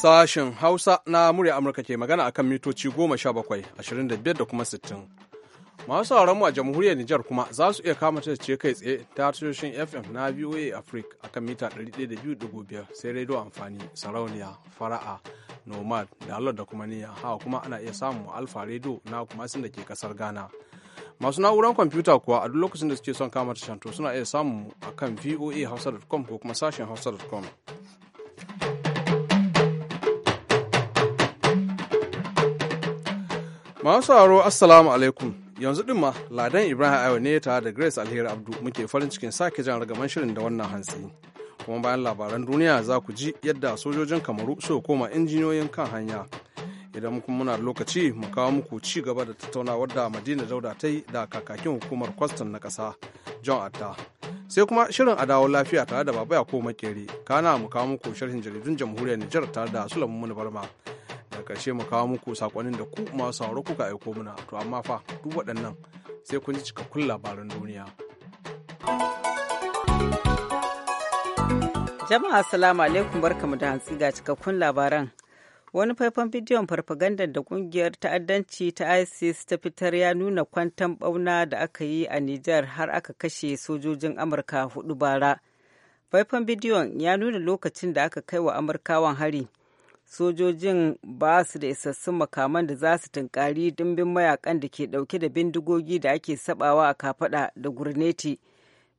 Sashen Hausa na murya Amurka ke magana akan mitoci goma sha bakwai ashirin da kuma 60. Masu sauran mu a jamhuriyar Nijar kuma za su iya kama ta ce kai tsaye ta tashoshin FM na VOA Africa akan mita 102.5 sai rediyo amfani sarauniya fara'a nomad da Allah da kuma niyya hawa kuma ana iya samun alfa rediyo na kuma sun da ke kasar Ghana. Masu na'urar kwamfuta kuwa a duk lokacin da suke son kama tashanto suna iya samun akan hausa.com ko kuma sashen hausa.com. Masu haro Assalamu alaikum. Yanzu ɗin ma Ladan Ibrahim Ayo ne tare da Grace Alheri Abdu muke farin cikin sake jan ragaman shirin da wannan hantsi. Kuma bayan labaran duniya za ku ji yadda sojojin Kamaru suka koma injiniyoyin kan hanya. Idan kuma muna da lokaci mu kawo muku ci gaba da tattaunawar da Madina Dauda ta yi da kakakin hukumar kwastan na ƙasa John Atta. Sai kuma shirin a dawo lafiya tare da Baba ya koma Makeri. Kana mu kawo muku sharhin jaridun jamhuriyar Nijar tare da Sulaiman Barma. da mu kawo muku sakonin da ku masu sauro kuka aiko muna to amma fa duk waɗannan sai kun ji cikakkun labaran duniya. Jama'a Assalamu alaikum barkamu da hantsi ga cikakkun labaran. Wani faifan bidiyon farfagandan da kungiyar ta'addanci ta ISIS ta fitar ya nuna kwantan bauna da aka yi a Nijar har aka kashe sojojin Amurka hudu bara. Faifan bidiyon ya nuna lokacin da aka kai wa Amurkawan hari. sojojin ba su da isassun makaman da za su tunkari dimbin mayakan da ke dauke da bindigogi da ake sabawa a kafada da gurneti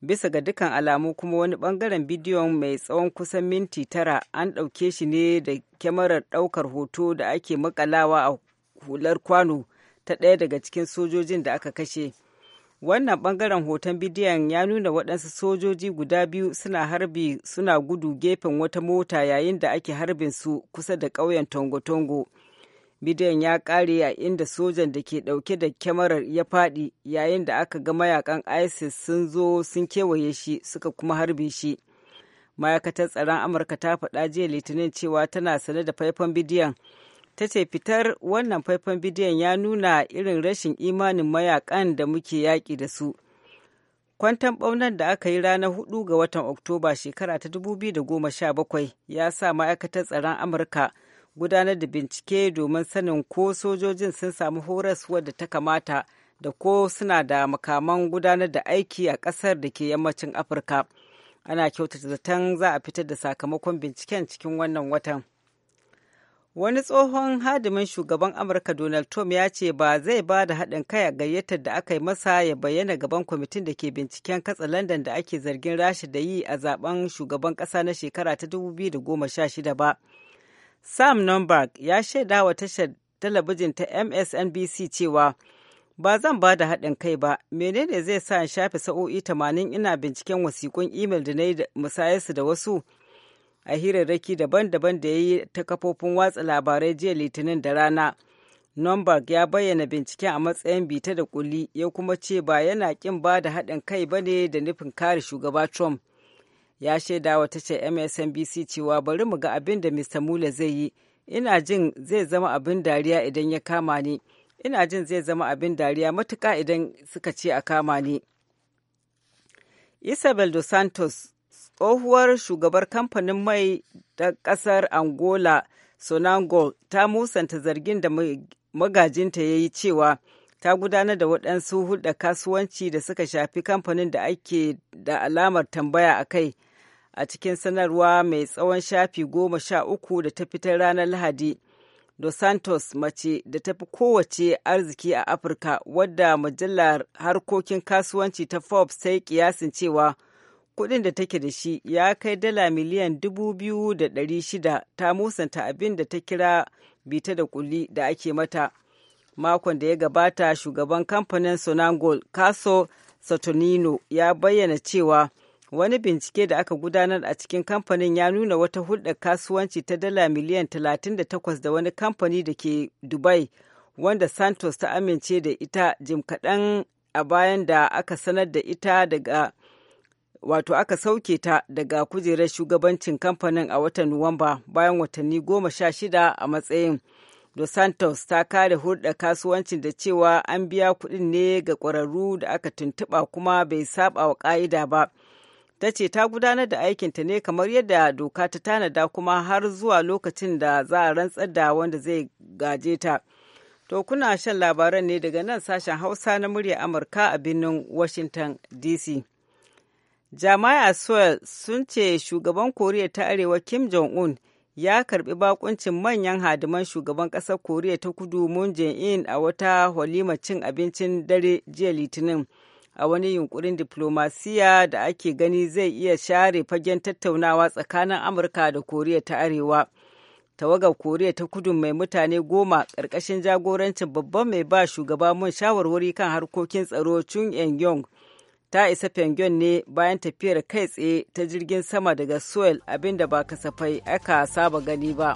bisa ga dukkan alamu kuma wani bangaren bidiyon mai tsawon kusan minti tara an ɗauke shi ne da kyamarar ɗaukar hoto da ake makalawa a hular kwano ta ɗaya daga cikin sojojin da aka kashe. wannan bangaren hoton bidiyon ya nuna waɗansu sojoji guda biyu suna harbi suna gudu gefen wata mota yayin da ake harbin su kusa da ƙauyen tongo-tongo bidiyon ya ƙare a inda sojan da ke ɗauke da kyamarar ya faɗi yayin da aka ga mayakan isis sun zo sun kewaye shi suka kuma harbe shi ma'aikatar tsaron amurka ta faɗa jiya litinin cewa tana sane da faifan bidiyon ta ce fitar wannan faifan bidiyon ya nuna irin rashin imanin mayakan da muke yaƙi da su kwantan ɓaunar da aka yi ranar hudu ga watan oktoba shekara ta 2017 ya sa ma'aikatar tsaron amurka gudanar da bincike domin sanin ko sojojin sun samu horas wadda ta kamata da ko suna da makaman gudanar da aiki a ƙasar da ke yammacin afirka ana kyautata zaton za a fitar da sakamakon binciken cikin wannan watan Wani tsohon hadimin shugaban Amurka Donald Trump ya ce ba zai ba da haɗin kai a gayyatar da aka yi masa ya bayyana gaban kwamitin da ke binciken katsa London da ake zargin rashi da yi a zaben shugaban ƙasa na shekara ta 2016 ba. Sam nunberg ya shaida wa tashar talabijin ta MSNBC cewa ba zan ba da haɗin kai ba menene zai sa in shafe sa'o'i 80 ina binciken wasiƙun imel da na yi musayarsu da wasu a hirarraki daban-daban da ya yi ta kafofin watsa labarai jiya litinin da rana Nomberg ya bayyana binciken a matsayin bita da kuli ya kuma ce ba yana kin ba da haɗin kai ba ne da nufin kare shugaba Trump. Ya shaida wa tashar MSNBC cewa bari mu ga abin da Mr. Mueller zai yi. Ina jin zai zama abin dariya idan ya kama ni. Ina jin zai zama abin dariya matuka idan suka ce a kama ni. Isabel dos Santos tsohuwar shugabar kamfanin mai da kasar angola sonangol ta musanta zargin da magajinta ya yi cewa ta gudanar da waɗansu hulɗa kasuwanci da suka shafi kamfanin da ake da alamar tambaya a kai a cikin sanarwa mai tsawon shafi goma sha uku da ta fitar ranar lahadi dos santos mace da ta fi kowace arziki a afirka wadda mujallar harkokin kasuwanci ta forbes ta yi kiyasin cewa kuɗin da take da shi ya kai dala miliyan dubu biyu da ɗari shida ta musanta abin da ta kira bita da kulli da ake mata. Makon da ya gabata shugaban kamfanin Sonangol Caso Saturnino ya bayyana cewa wani bincike da aka gudanar a cikin kamfanin ya nuna wata hulɗar kasuwanci ta dala miliyan talatin da 38 da wani kamfani da ke Dubai wanda Santos ta amince da ita jim kaɗan a bayan da aka sanar da ita daga wato aka sauke ta daga kujerar shugabancin kamfanin a watan Nuwamba bayan watanni goma sha shida a matsayin. Dos Santos ta kare hulɗa kasuwancin da cewa an biya kuɗin ne ga ƙwararru da aka tuntuɓa kuma bai saba wa ƙa'ida ba. Ta ce ta gudanar da aikinta ne kamar yadda doka ta tanada kuma har zuwa lokacin da za a rantsar da wanda zai gaje ta. To kuna shan labaran ne daga nan sashen Hausa na murya Amurka a birnin Washington DC. jama'a Seoul sun ce shugaban Koriya ta Arewa Kim Jong-un ya karbi bakuncin manyan hadiman shugaban ƙasar Koriya ta Kudu Moon Jae-in a wata walima cin abincin dare jiya Litinin. a wani yunkurin diplomasiya da ake gani zai iya share fagen tattaunawa tsakanin amurka da koriya ta arewa tawaga koriya ta kudu mai mutane goma ƙarƙashin jagorancin babban mai ba shugaba mun shawarwari kan harkokin tsaro chung en yong ta isa Pyongyang ne bayan tafiyar kai tsaye ta jirgin sama daga Seoul abinda ba kasafai aka saba gani ba.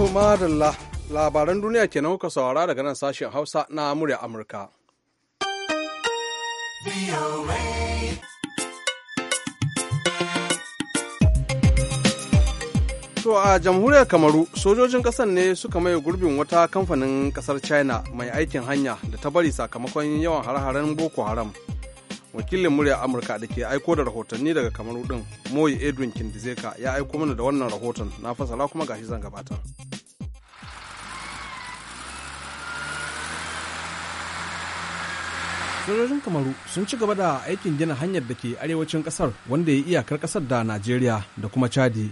Umarallah labaran duniya kenan kuka saurara daga nan sashen Hausa na murya Amurka. To a jamhuriyar Kamaru sojojin ƙasar ne suka maye gurbin wata kamfanin ƙasar China mai aikin hanya da ta bari sakamakon yawan hare-haren Boko Haram. Wakilin muryar Amurka da ke aiko da rahotanni daga Kamaru ɗin Moyi Edwin Kindizeka ya aiko mana da wannan rahoton na fasala kuma gashi zan gabata. sojojin kamaru sun ci gaba da aikin gina hanyar da ke arewacin kasar wanda ya iyakar kasar da najeriya da kuma chadi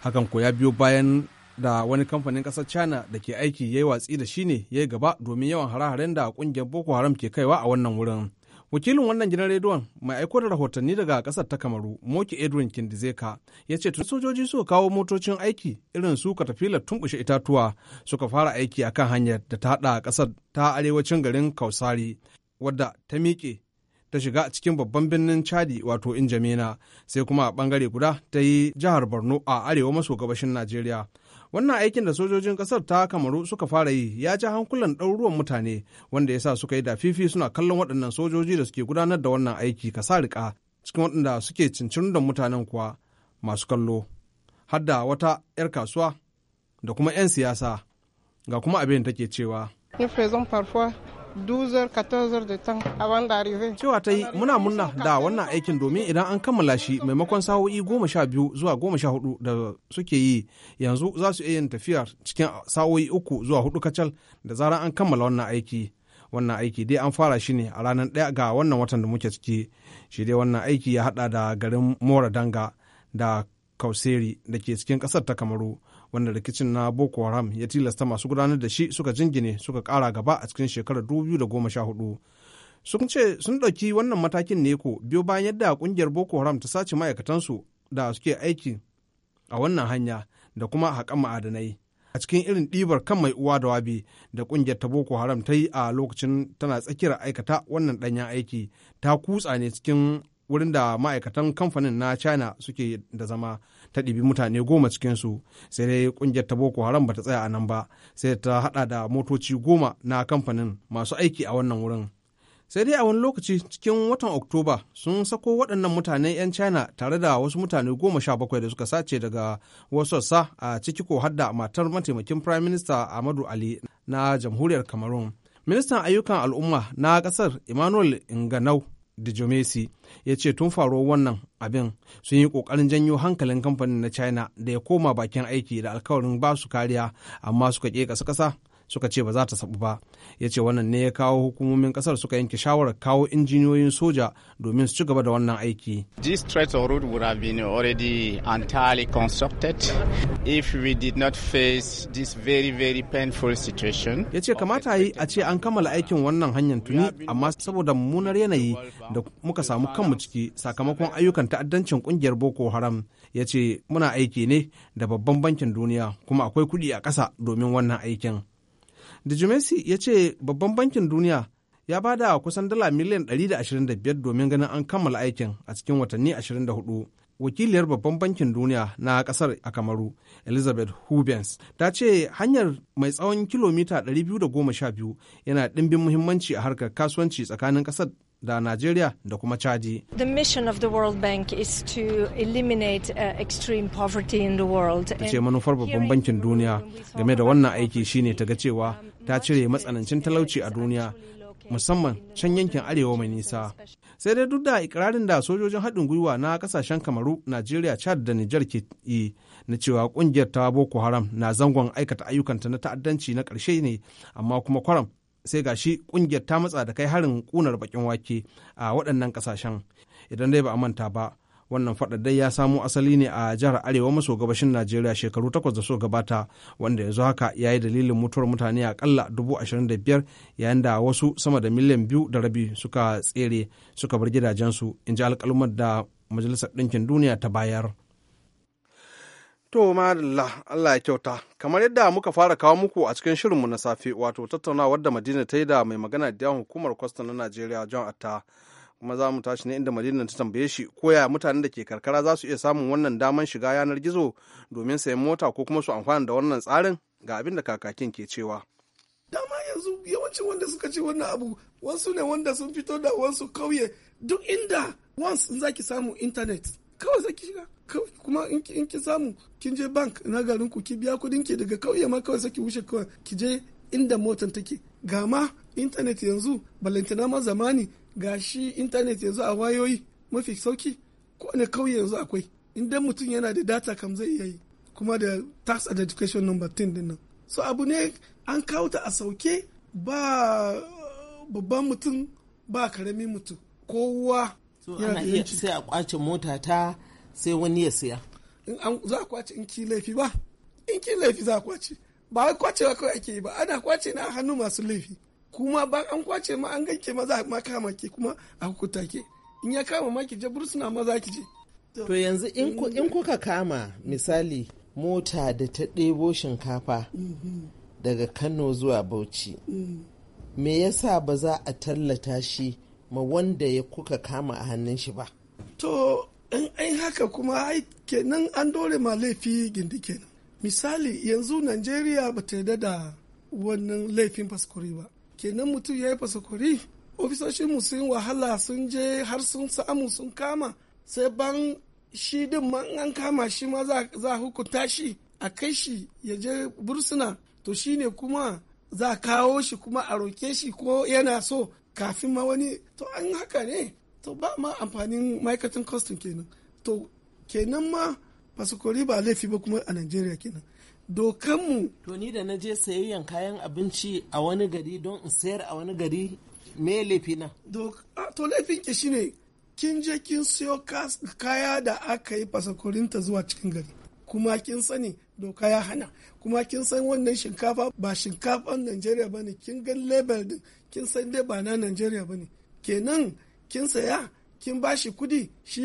hakan ko ya biyo bayan da wani kamfanin kasar china da ke aiki ya yi watsi da shi ne ya yi gaba domin yawan hare-haren da kungiyar boko haram ke kaiwa a wannan wurin wakilin wannan gidan rediyon mai aiko da rahotanni daga kasar ta kamaru moki edwin kindizeka ya ce tun sojoji suka kawo motocin aiki irin su la tumbushe itatuwa suka fara aiki akan hanyar da ta hada kasar ta arewacin garin kausari wadda ta miƙe ta shiga cikin babban birnin chadi wato injamena sai kuma a bangare guda ta yi jihar borno a arewa maso gabashin najeriya wannan aikin da sojojin kasar ta kamaru suka fara yi ya ji hankulan ɗaruruwan mutane wanda ya sa suka yi dafifi suna kallon waɗannan sojoji da suke gudanar da wannan aiki kasa riƙa cikin waɗanda suke cincirin da mutanen kuwa masu kallo har da wata 'yar kasuwa da kuma 'yan siyasa ga kuma abin take cewa dozar 14 cewa ta yi muna munna da wannan aikin domin idan an kammala shi maimakon sa'o'i goma sha biyu zuwa goma sha hudu da suke yi yanzu za su iya yin tafiya cikin sa'o'i uku zuwa hudu kacal da zarar an kammala wannan aiki wannan aiki dai an fara shi ne a ranar ɗaya ga wannan watan da muke ciki shi dai wannan aiki ya haɗa da garin mora danga da kauseri da ke cikin ƙasar ta kamaru wanda rikicin na boko haram ya tilasta masu gudanar da shi suka jingine suka kara gaba a cikin shekarar 2014 sun ce sun ɗauki wannan matakin ne ko biyo bayan yadda kungiyar boko haram ta sace ma'aikatansu da suke aiki a wannan hanya da kuma haƙan ma'adanai a cikin irin ɗibar kan mai uwa da wabi da ƙungiyar ta boko haram ta yi a lokacin tana tsakiyar aikata wannan ɗanyen aiki ta kutsa ne cikin wurin da ma'aikatan kamfanin na china suke da zama ta ɗibi mutane goma cikinsu sai dai ƙungiyar ta boko haram bata tsaya a nan ba sai ta haɗa da motoci goma na kamfanin masu aiki a wannan wurin sai dai a wani lokaci cikin watan oktoba sun sako waɗannan mutane 'yan china tare da wasu mutane goma sha bakwai da suka sace daga wasu sa a ciki ko hadda matar mataimakin prime minister amadu ali na jamhuriyar cameroon ministan ayyukan al'umma na ƙasar emmanuel inganau Dijomesi ya ce tun faruwar wannan abin sun yi kokarin janyo hankalin kamfanin na China da ya koma bakin aiki da alkawarin ba su kariya amma suka ƙe ƙasa ƙasa suka ce ba za ta sabu ba ya ce wannan ne ya kawo hukumomin kasar suka yanke shawarar kawo injiniyoyin soja domin su ci gaba da wannan aiki this stretch of road would have been already entirely constructed if we did not face this very very painful situation ya ce kamata yi a ce an kammala aikin wannan hanyar tuni amma saboda mummunar yanayi da muka samu kanmu ciki sakamakon ayyukan ta'addancin kungiyar boko haram ya ce muna aiki ne da babban bankin duniya kuma akwai kuɗi a ƙasa domin wannan aikin Dijimesi ya ce babban bankin duniya ya ba da kusan dala miliyan 125 domin ganin an kammala aikin a cikin watanni 24. Wakiliyar babban bankin duniya na kasar a Kamaru, Elizabeth Hubens, ta ce hanyar mai tsawon kilomita 212 yana ɗimbin muhimmanci a harkar kasuwanci tsakanin kasar da Najeriya da kuma Chadi. The mission of the World Bank is to eliminate uh, extreme poverty in the world. Ta ce manufar babban bankin duniya game da wannan aiki shine ta ga cewa um, ta cire matsanancin talauci a duniya musamman can yankin arewa mai nisa. Sai dai duk da ikirarin da sojojin haɗin gwiwa na kasashen Kamaru, Najeriya, Chad da Nijar ke yi na cewa kungiyar ta Boko Haram na zangon aikata ayyukanta na ta'addanci na ƙarshe ne amma kuma kwaram sai ga shi kungiyar ta matsa da kai harin kunar bakin wake a waɗannan ƙasashen idan dai ba a manta ba wannan faɗaɗɗai ya samo asali ne a jihar arewa maso gabashin najeriya shekaru takwas da so gabata wanda yanzu haka ya yi dalilin mutuwar mutane akalla dubu ashirin da biyar yayin da wasu sama da miliyan biyu da rabi suka tsere suka bar gidajensu in ji alƙalumar da majalisar ɗinkin duniya ta bayar. To madalla Allah ya kyauta kamar yadda muka fara kawo muku a cikin shirinmu na safe wato tattaunawar wadda Madina ta yi da mai magana da yawan hukumar kwastam na Najeriya John Atta kuma za mu tashi ne inda Madina ta tambaye shi koya mutanen da ke karkara za su iya samun wannan daman shiga yanar gizo domin sayan mota ko kuma su amfana da wannan tsarin ga abin da kakakin ke cewa. Dama yanzu yawancin wanda suka ce wannan abu wasu ne wanda sun fito da wasu kauye duk inda once in ki samu intanet kawai za ki shiga kawai kuma in ki samu kin je bank na garin ku ki biya kudin ki daga kauye ma kawai saki wuce kawai ki je inda motan take ga ma intanet yanzu balantana ma zamani ga shi intanet yanzu a wayoyi mafi sauki kowane kauye yanzu akwai idan mutum yana da data kam zai iya yi kuma da tax and education number 10 din nan so abu ne an kawo ta a sauke ba babban mutum ba karamin mutum kowa sai a kwace mota ta sai wani ya siya in an za kwace in ki laifi ba in ki laifi za a kwace ba wai kwacewa kawai ake yi ba ana kwace na hannu masu laifi kuma ba an kwace ma an ganke maza ma kama ke kuma a hukuta ke in ya kama ma ki je bursuna maza ki je to yanzu in kuka kama misali mota da ta ɗebo shinkafa daga kano zuwa bauchi me yasa ba za a tallata shi ma wanda ya kuka kama a hannun shi ba to in an haka kuma ai kenan an dore ma laifi gindi kenan misali yanzu najeriya ba ta yarda da wannan laifin faskuri ba kenan mutum ya yi ofisoshin Ofisoshin sun wahala sun je har sun samu sun kama sai ban shi din ma an kama shi ma za a hukunta shi a kai shi ya je bursuna to shi ne kuma za a kawo shi kuma a roke shi ko yana so kafin ma wani to an haka ne to ba ma amfanin ma'aikatan custom kenan to kenan ma fasikori ba laifi ba kuma a najeriya kenan dokanmu to ni da na je sayayyan kayan abinci a wani gari don in sayar a wani gari me laifi na to laifin ki shine kin je kin siyo kaya da aka yi ta zuwa cikin gari kuma kin sani doka ya hana kuma kin san wannan shinkafa ba shinkafan najeriya ba ne kin gan label din kin san dai ba na najeriya ba ne kenan kin saya kin ba shi kudi shi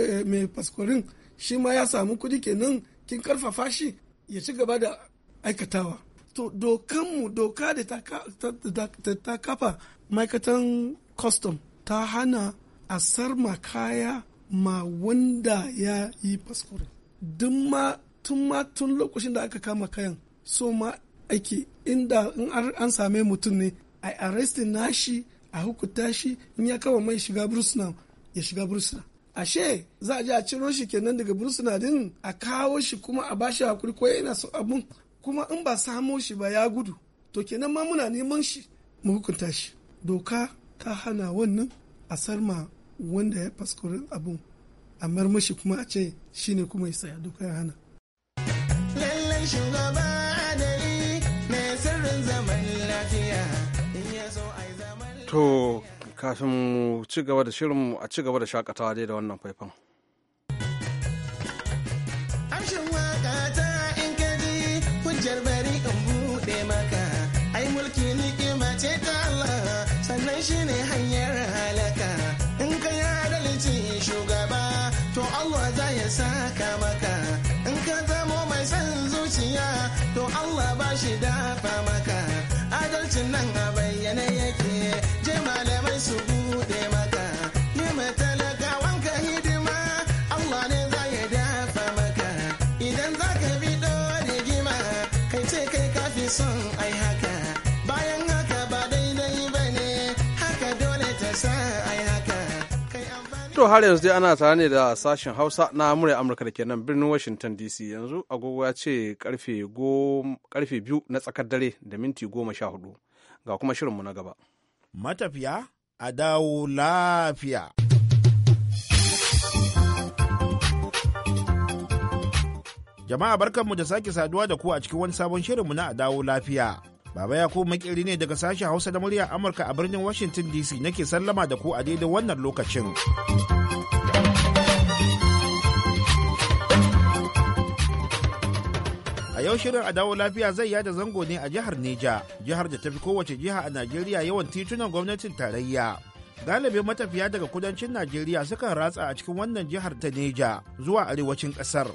eh, mai faskorin shi ma ya samu kudi kenan kin karfafa shi ya ci gaba da aikatawa to dokanmu doka da ta kafa ma'aikatan custom ta hana a sarma kaya ma wanda ya yi faskorin duk ma tun ma tun lokacin da aka kama kayan so ma ake inda in an same mutum ne a arrestin nashi a hukunta shi in ya kama mai shiga bursuna ya shiga bursuna ashe za a je a ciro shi kenan daga bursuna din a kawo shi kuma a bashi hakuri ko yana so abun kuma in ba samo shi ba ya gudu to kenan ma muna neman shi mu hukunta shi doka ta hana wannan a sarma wanda ya faskuri abun a marmashi kuma a ce shine kuma ya saya doka ya hana lallai shugaba To, kafin mu ci gaba da shirin a ci gaba da shakatawa dai da wannan faifan. Amshin waka ta in kaji hujjar bai To har yanzu dai ana tare ne da sashen Hausa na murya Amurka da ke nan birnin Washington DC yanzu agogo ya ce karfe biyu na tsakar dare da minti goma sha hudu ga kuma shirinmu na gaba. Matafiya a dawo lafiya. Jama'a barkanmu da sake saduwa da ku a cikin wani sabon shirinmu na a dawo lafiya. Baba Yakubu makiri ne daga sashen Hausa da muryar Amurka a birnin Washington DC nake sallama da ku a daidai wannan lokacin. A yau shirin a dawo lafiya zai yada zango ne a jihar Neja, jihar da tafi kowace jiha a Najeriya yawan titunan gwamnatin tarayya. Galibin matafiya daga kudancin Najeriya sukan ratsa a cikin wannan jihar ta Neja zuwa arewacin ƙasar.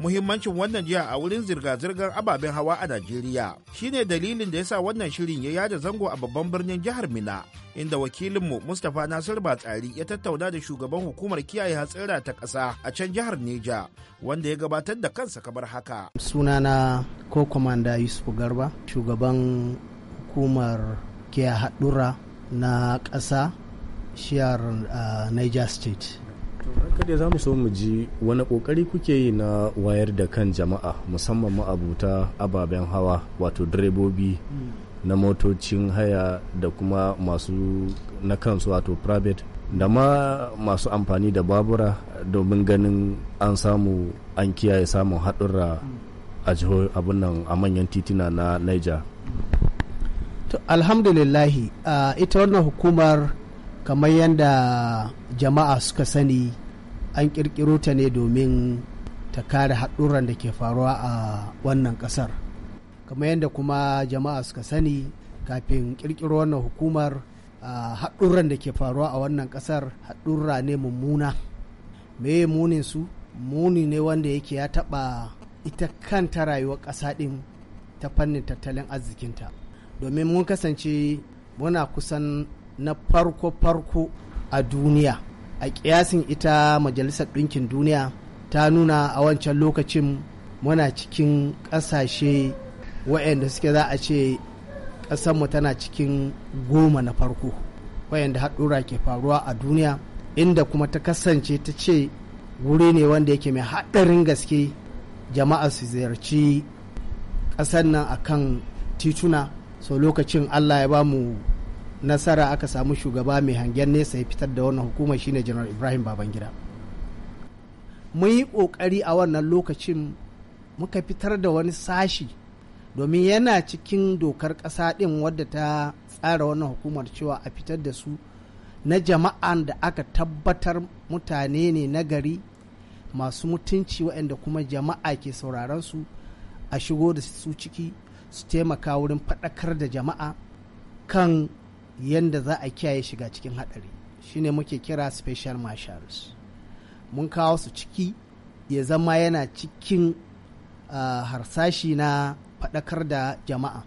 muhimmancin wannan jiya a wurin zirga-zirgar ababen hawa a Najeriya shine dalilin da yasa wannan shirin ya yada zango a babban birnin jihar Mina inda wakilinmu Mustapha Nasir Batsari ya tattauna da shugaban hukumar kiyaye hatsira ta ƙasa a can jihar Neja wanda ya gabatar da kansa kamar haka. Sunana ko Komanda Yusuf Garba shugaban hukumar kiyaye haɗura na ƙasa shiyar uh, Niger State. kada za mu so mu ji wani kokari kuke yi na wayar da kan jama'a musamman ma ma'abuta ababen hawa wato direbobi na motocin haya da kuma masu na kansu wato private da ma masu amfani da babura domin ganin an samu an kiyaye samun haɗurra a jiho abin nan a manyan titina na niger alhamdulillahi uh, ita wannan hukumar kamar yadda jama'a suka sani an kirkiro ta ne domin ta kare haɗuran da ke faruwa a wannan ƙasar kamar yadda kuma jama'a suka sani kafin kirkiro wannan hukumar haɗuran da ke faruwa a wannan ƙasar haɗurra ne mummuna me munin su muni ne wanda yake ya taɓa ita kanta rayuwar ƙasa ɗin ta fannin tattalin arzikinta domin mun kasance muna kusan na farko-farko a duniya a kiyasin ita majalisar ɗinkin duniya ta nuna a wancan lokacin muna cikin ƙasashe wayanda suke za a ce ƙasanmu tana cikin goma na farko wayanda haɗura ke faruwa a duniya inda kuma ta kasance ta ce wuri ne wanda yake mai haɗarin gaske jama'a su ziyarci ƙasan nan a kan tituna so lokacin allah ya ba mu nasara aka samu shugaba mai hangen nesa ya fitar da wannan hukumar shine janar ibrahim babangida mun yi kokari a wannan lokacin muka fitar da wani sashi domin yana cikin dokar ƙasa ɗin wadda ta tsara wannan hukumar cewa a fitar da su na jama'an da aka tabbatar mutane ne na gari masu mutunci waɗanda kuma jama'a ke sauraron su a shigo da su ciki su taimaka wurin faɗakar da jama'a kan yadda za a kiyaye shiga cikin haɗari shine muke kira special marshals mun kawo su ciki ya zama yana cikin uh, harsashi na faɗakar da jama'a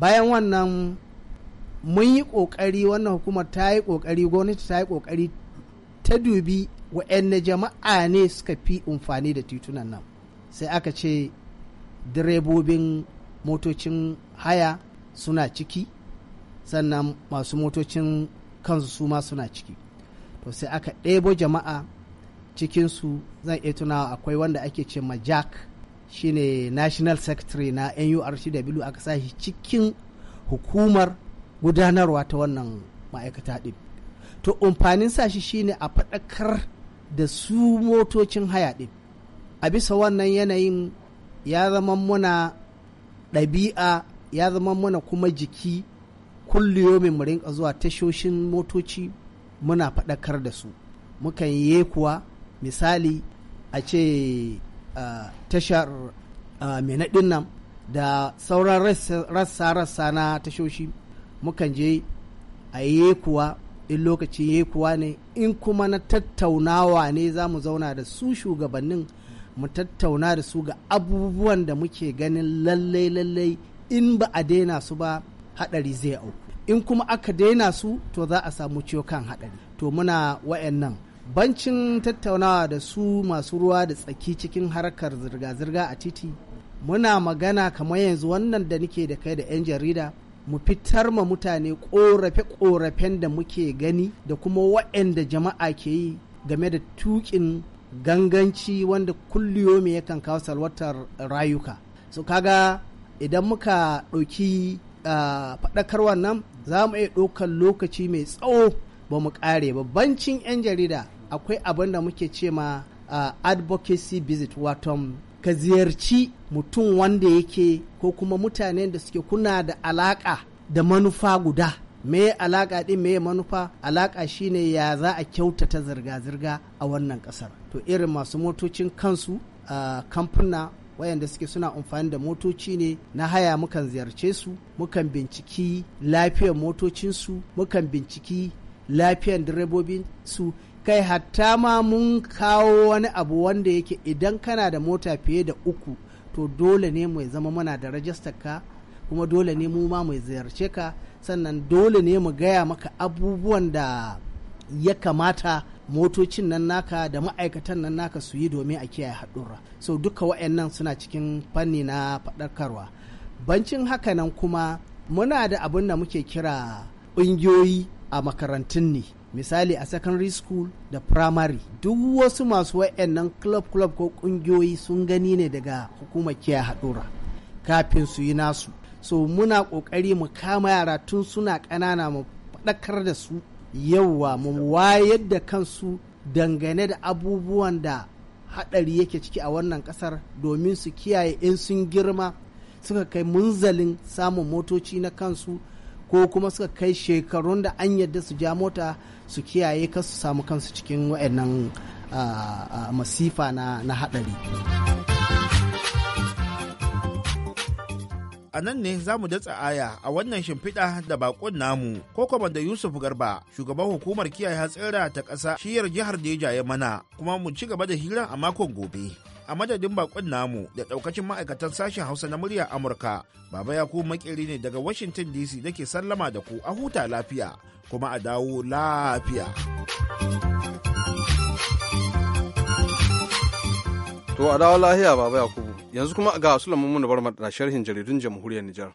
bayan wannan mun yi ƙoƙari wannan hukumar ta yi ƙoƙari gwamnati ta yi ƙoƙari ta dubi wa'yan jama'a ne suka fi amfani da titunan nan sai aka ce direbobin motocin haya suna ciki sannan masu motocin kansu su ma suna ciki to sai aka ɗebo jama'a cikinsu zan iya tunawa akwai wanda ake ce ma jack shine national secretary na nurcw aka sashi cikin hukumar gudanarwa ta wannan ma'aikata ɗin to umfanin sa shi shine a faɗakar da su motocin haya ɗin a bisa wannan yanayin ya zama muna ɗabi'a ya zama muna kuma jiki kulliyomi yomin mu rinka zuwa tashoshin motoci muna faɗakar da su mukan yi kuwa misali a ce tashar menaɗin nan da sauran rassa-rassa na tashoshi mukan je a yi kuwa in lokaci yi kuwa ne in kuma na tattaunawa ne za mu zauna da su shugabannin mu tattauna da su ga abubuwan da muke ganin lallai-lallai in ba a daina su ba haɗari zai auku in kuma aka daina su to za a samu ciwo kan haɗari to muna wayannan bancin tattaunawa da su masu ruwa da tsaki cikin harkar zirga-zirga a titi muna magana kamar yanzu wannan da nike da kai da 'yan jarida mu fitar ma mutane ƙorafe-ƙorafen da muke gani da kuma da jama'a ke yi game da tukin ganganci wanda kulliyomi yakan kawo salwatar rayuka so kaga idan muka ɗauki ah, faɗakarwar nan za mu iya ɗaukar lokaci mai tsawo ba mu ƙare ba bancin 'yan jarida akwai abin da muke ce ma advocacy visit wato ka ziyarci mutum wanda yake ko kuma mutane da suke kuna da alaƙa da manufa guda me alaƙa ɗin me manufa alaƙa shine ya za a kyautata zirga-zirga a wannan ƙasar to irin masu motocin kansu kamfuna wayanda suke suna amfani da motoci ne na haya mukan ziyarce su mukan binciki lafiyar motocinsu mukan binciki lafiyar direbobin su kai hatta ma mun kawo wani abu wanda yake idan kana da mota fiye da uku to dole ne mu zama muna da rajistar ka kuma dole ne mu ma mu ziyarce ka sannan dole ne mu gaya maka abubuwan da ya kamata motocin nan naka da ma'aikatan nan naka su yi domin a kiyaye haɗurra so duka wa'annan suna cikin fanni na faɗarkarwa bancin haka nan kuma muna da abin da muke kira ƙungiyoyi a makarantun ne misali a secondary school da primary duk wasu masu wa'annan club club ko ƙungiyoyi sun gani ne daga hukumar kiyaye haɗura kafin su yi nasu so muna ƙoƙari mu kama yara tun suna ƙanana mu faɗakar da su yauwa mu wayar da kansu dangane da abubuwan da haɗari yake ciki a wannan ƙasar domin su kiyaye in sun girma suka kai munzalin samun motoci na kansu ko kuma suka kai shekarun da an yadda su ja mota su kiyaye kasu samu kansu cikin wa'annan ah, ah, masifa na haɗari. a nan ne za mu datsa aya a wannan shimfiɗa da bakon namu ko da Yusuf Garba shugaban hukumar kiyaye hatsira ta ƙasa shiyar jihar Deja ya mana kuma mu ci gaba da hira a makon gobe. a madadin bakon namu da ɗaukacin ma'aikatan sashen hausa na murya amurka baba ya ku makiri ne daga washington dc da ke sallama da ku a huta lafiya kuma a dawo lafiya To a dawo lahiya baba Yakubu. Yanzu kuma ga Sulaiman Munu bar da sharhin jaridun jamhuriyar Nijar.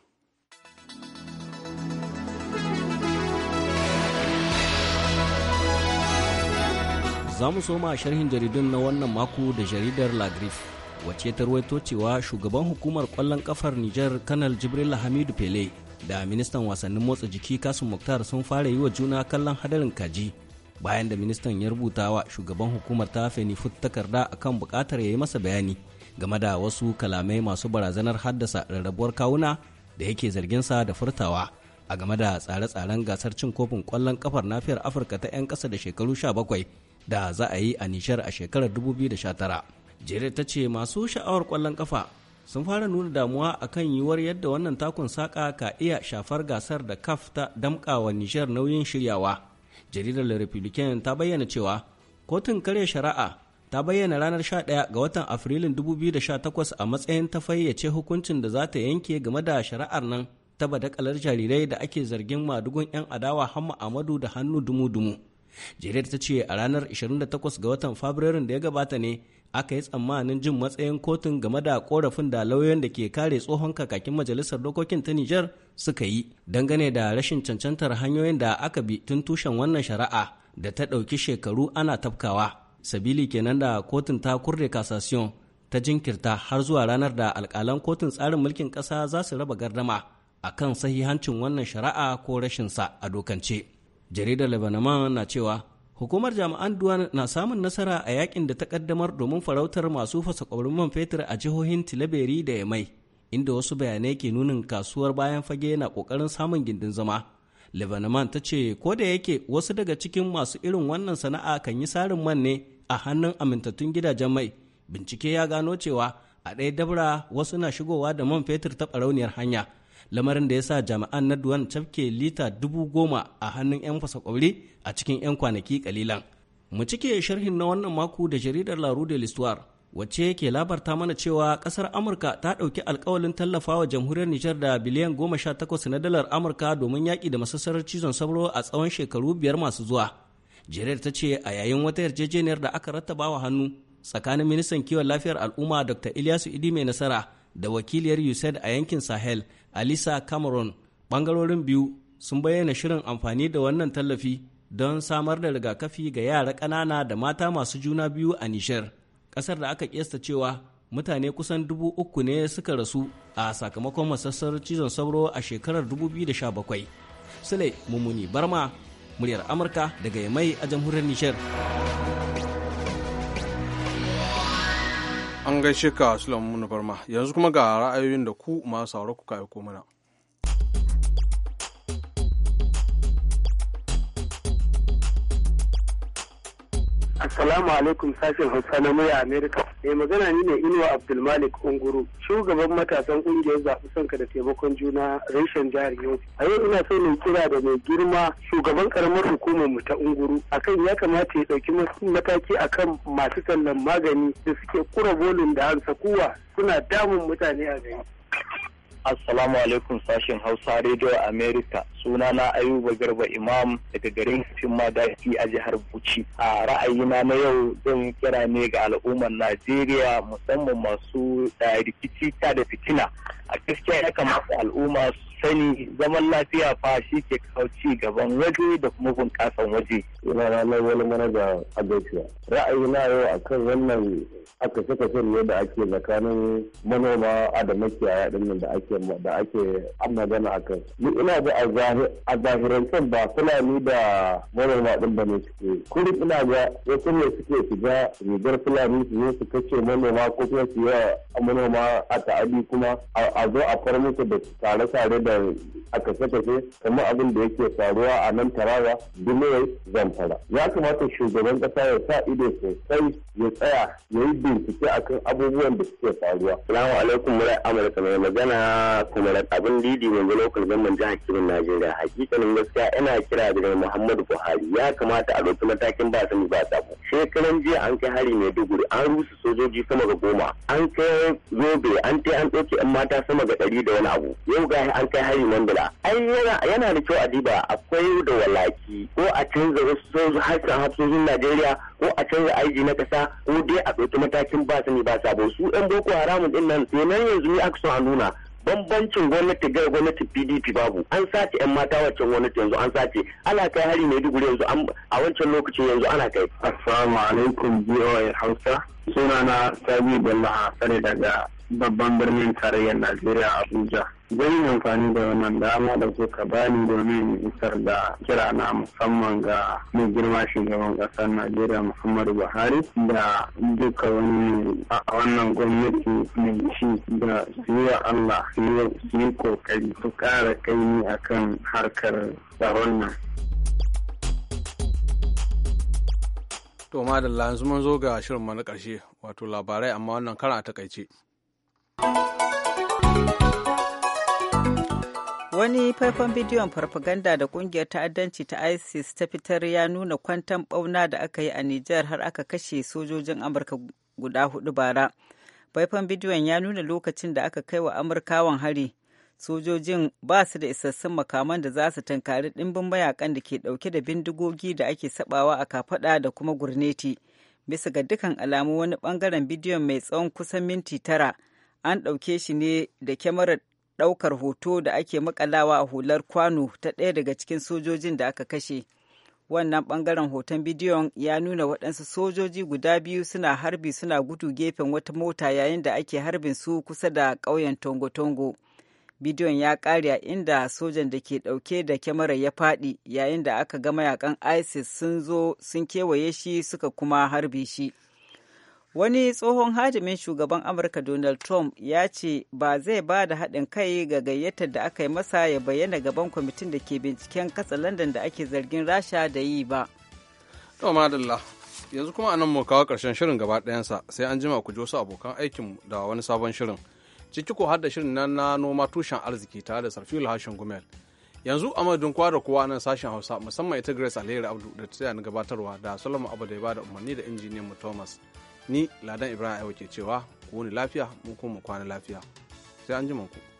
Za mu soma sharhin jaridun na wannan mako da jaridar Lagrif wace ta ruwaito cewa shugaban hukumar kwallon kafar Nijar Kanal Jibril Hamidu Pele da ministan wasannin motsa jiki Kasim Muktar sun fara yi wa juna kallon hadarin kaji bayan da ministan ya rubuta wa shugaban hukumar ta fenifut takarda akan bukatar ya yi masa bayani game da wasu kalamai masu barazanar haddasa rarrabuwar kawuna da yake zarginsa da furtawa a game da tsare-tsaren gasar cin kofin kwallon kafar nafiyar afirka ta 'yan ƙasa da shekaru 17 da za a yi a nishar a shekarar 2019 jere ta ce masu sha'awar kwallon kafa sun fara nuna damuwa akan yiwuwar yadda wannan takun saƙa ka iya shafar gasar da kaf ta damƙawa nishar nauyin shiryawa jaridar le republican ta bayyana cewa kotun karya shari'a ta bayyana ranar 11 ga watan afrilun 2018 a matsayin ta fayyace hukuncin da za ta yanke game da shari'ar nan ta badakalar jarirai da ake zargin madugun 'yan adawa hamma amadu da hannu dumu-dumu jaridar ta ce a ranar 28 ga watan fabrairun da ya gabata ne aka yi tsammanin jin matsayin kotun game da korafin da lauyoyin da ke kare tsohon kakakin majalisar dokokin ta Nijar suka yi dangane da rashin cancantar hanyoyin da aka bi tun tushen wannan shari'a da ta ɗauki shekaru ana tafkawa. Sabili kenan da kotun ta kurde kasasiyon ta jinkirta har zuwa ranar da alƙalan kotun tsarin mulkin ƙasa za su raba gardama a kan sahihancin wannan shari'a ko rashinsa a dokance. Jaridar Lebanon na cewa hukumar jami'an duwan na samun nasara a yakin da ta kaddamar domin farautar masu fasa kwabarin man fetur a jihohin tilaberi da yamai inda wasu bayanai ke nunin kasuwar bayan fage na kokarin samun gindin zama lebanon ta ce ko da yake wasu daga cikin masu irin wannan sana'a kan yi sarin man ne a hannun amintattun gidajen mai bincike ya gano cewa a ɗaya dabra wasu na shigowa da man fetur ta ɓarauniyar hanya lamarin da ya sa jami'an na duwan cafke lita dubu goma a hannun 'yan fasa kwauri a cikin 'yan kwanaki kalilan mu cike sharhin na wannan mako da jaridar laru de l'histoire wacce ke labarta mana cewa kasar amurka ta ɗauki alkawalin tallafawa jamhuriyar nijar da biliyan goma sha takwas na dalar amurka domin yaƙi da masassarar cizon sauro a tsawon shekaru biyar masu zuwa jaridar ta ce a yayin wata yarjejeniyar da aka rattaba wa hannu tsakanin ministan kiwon lafiyar al'umma dr ilyasu idi mai nasara da wakiliyar USAID a yankin Sahel, Alisa Cameron, bangarorin biyu sun bayyana shirin amfani da wannan tallafi don samar da rigakafi ga yara ƙanana da mata masu juna biyu a Nishar, ƙasar da aka kiyasta cewa mutane kusan dubu uku ne suka rasu a sakamakon masassar cizon sauro a shekarar 2017. Sule Mumuni Barma, muryar Amurka daga Yamai a jamhuriyar Nishar. an gaishe ka Sulaiman Barma yanzu kuma ga ra'ayoyin da ku masu sauraro kuka aiko mana. Assalamu alaikum sashen Hausa na murya Amerika. Mai magana ni ne Inuwa Abdulmalik Unguru, shugaban matasan kungiyar zaɓi sanka da taimakon juna reshen jihar Yobe. A yau ina so in kira da mai girma shugaban karamar hukumar mu ta Unguru akan ya kamata ya ɗauki mataki akan masu tallan magani da suke kura bolin da hansa kuwa suna damun mutane a gari. Assalamu alaikum sashen Hausa Radio America. Suna na Ayuba Garba Imam daga garin Kafin Madaki a jihar Bauchi. A ra'ayina na yau zan kira ne ga al'ummar Najeriya musamman masu eh, rikici ta da fitina. A gaskiya ya kamata al'umma sani zaman lafiya fa shi ke kawo ci gaban waje da kuma bunƙasan waje. Ina na nan wani da abokiya. Ra'ayi na yau kan wannan aka saka sani da ake tsakanin manoma a da makiyaya ɗin nan da ake da ake magana kan. Ni ina da a zahirancen ba Fulani da manoma ɗin ba ne suke. Kullum ina ga wasu ne suke ga rigar Fulani su zo su kace manoma ko kuma su yi manoma a ta'adi kuma a zo a far musu da tare-tare da da a kashe-kashe kamar abin da yake faruwa a nan tarawa biloyi zamfara ya kamata shugaban kasa ya sa ido sosai ya tsaya ya yi bincike kan abubuwan da suke faruwa salamu alaikum murai amurka mai magana kuma da abin didi wanzu lokal zaman jihar kirin najeriya hakikanin gaskiya ina kira daga muhammadu buhari ya kamata a ɗauki matakin ba sani ba sabo shekaran jiya an kai hari mai duguri an rusa sojoji sama ga goma an kai zobe an tai an ɗauke 'yan mata sama ga ɗari da wani abu yau ga an kai ya mandala ai yana da kyau a diba akwai da walaki ko a canza wasu harkar hafsoshin najeriya ko a canza aiji na kasa ko dai a ɗauki matakin ba sani ba sabo su yan boko haramun ɗin nan nan yanzu aka so a nuna bambancin gwamnati ga gwamnati pdp babu an sace yan mata wancan gwamnati yanzu an sace ana kai hari maiduguri yanzu a wancan lokacin yanzu ana kai assalamu alaikum voa hausa sunana sabi bello hasani daga babban birnin tarayyar Najeriya Abuja. Zan yi amfani da wannan dama da kuka bani domin isar da kira na musamman ga mai girma shugaban ƙasar Najeriya Muhammadu Buhari da duka wani a wannan gwamnati mai ci da siya Allah su yi kokari su ƙara kaini akan harkar tsaron nan. To madalla yanzu mun zo ga shirin mana ƙarshe wato labarai amma wannan karan a takaice. Wani faifan bidiyon farfaganda da kungiyar ta'addanci ta ISIS ta fitar ya nuna kwantan bauna da aka yi a Nijar har aka kashe sojojin Amurka guda hudu bara. Faifan bidiyon ya nuna lokacin da aka kai wa Amurkawan hari. Sojojin ba su da isassun makaman da za su tankari ɗimbin mayakan da ke ɗauke da bindigogi da ake sabawa a kafada da kuma gurneti. Bisa ga dukkan alamu wani bangaren bidiyon mai tsawon kusan minti tara. an ɗauke shi ne da kyamarar ɗaukar hoto da ake makalawa a hular kwano ta ɗaya daga cikin sojojin da aka kashe wannan ɓangaren hoton bidiyon ya nuna waɗansu sojoji guda biyu suna harbi suna gudu gefen wata mota yayin da ake harbin su kusa da ƙauyen tongo-tongo bidiyon ya ƙare a inda sojan da ke ɗauke da kyamarar ya faɗi yayin da aka ga mayakan isis sun zo sun kewaye shi suka kuma harbe shi Wani tsohon hajimin shugaban Amurka Donald Trump ya ce ba zai ba da haɗin kai ga gayyatar da aka yi masa ya bayyana gaban kwamitin da ke binciken katsa London da ake zargin Rasha da yi ba. To madalla, yanzu kuma anan mu kawo ƙarshen shirin gaba ɗayansa sai an jima ku josu wasu abokan aikinmu da wani sabon shirin. Ciki ko har shirin nan na noma tushen arziki tare da Sarfilu Hashin Gumel. yanzu a madadin kowa da kowa nan sashen hausa musamman ita grace alheri abdu da ta na gabatarwa da solomon abu da ya bada umarni da injiniyan mu thomas ni ladan ibrahim ke cewa ku wuni lafiya mu kuma kwana lafiya sai an ji ku.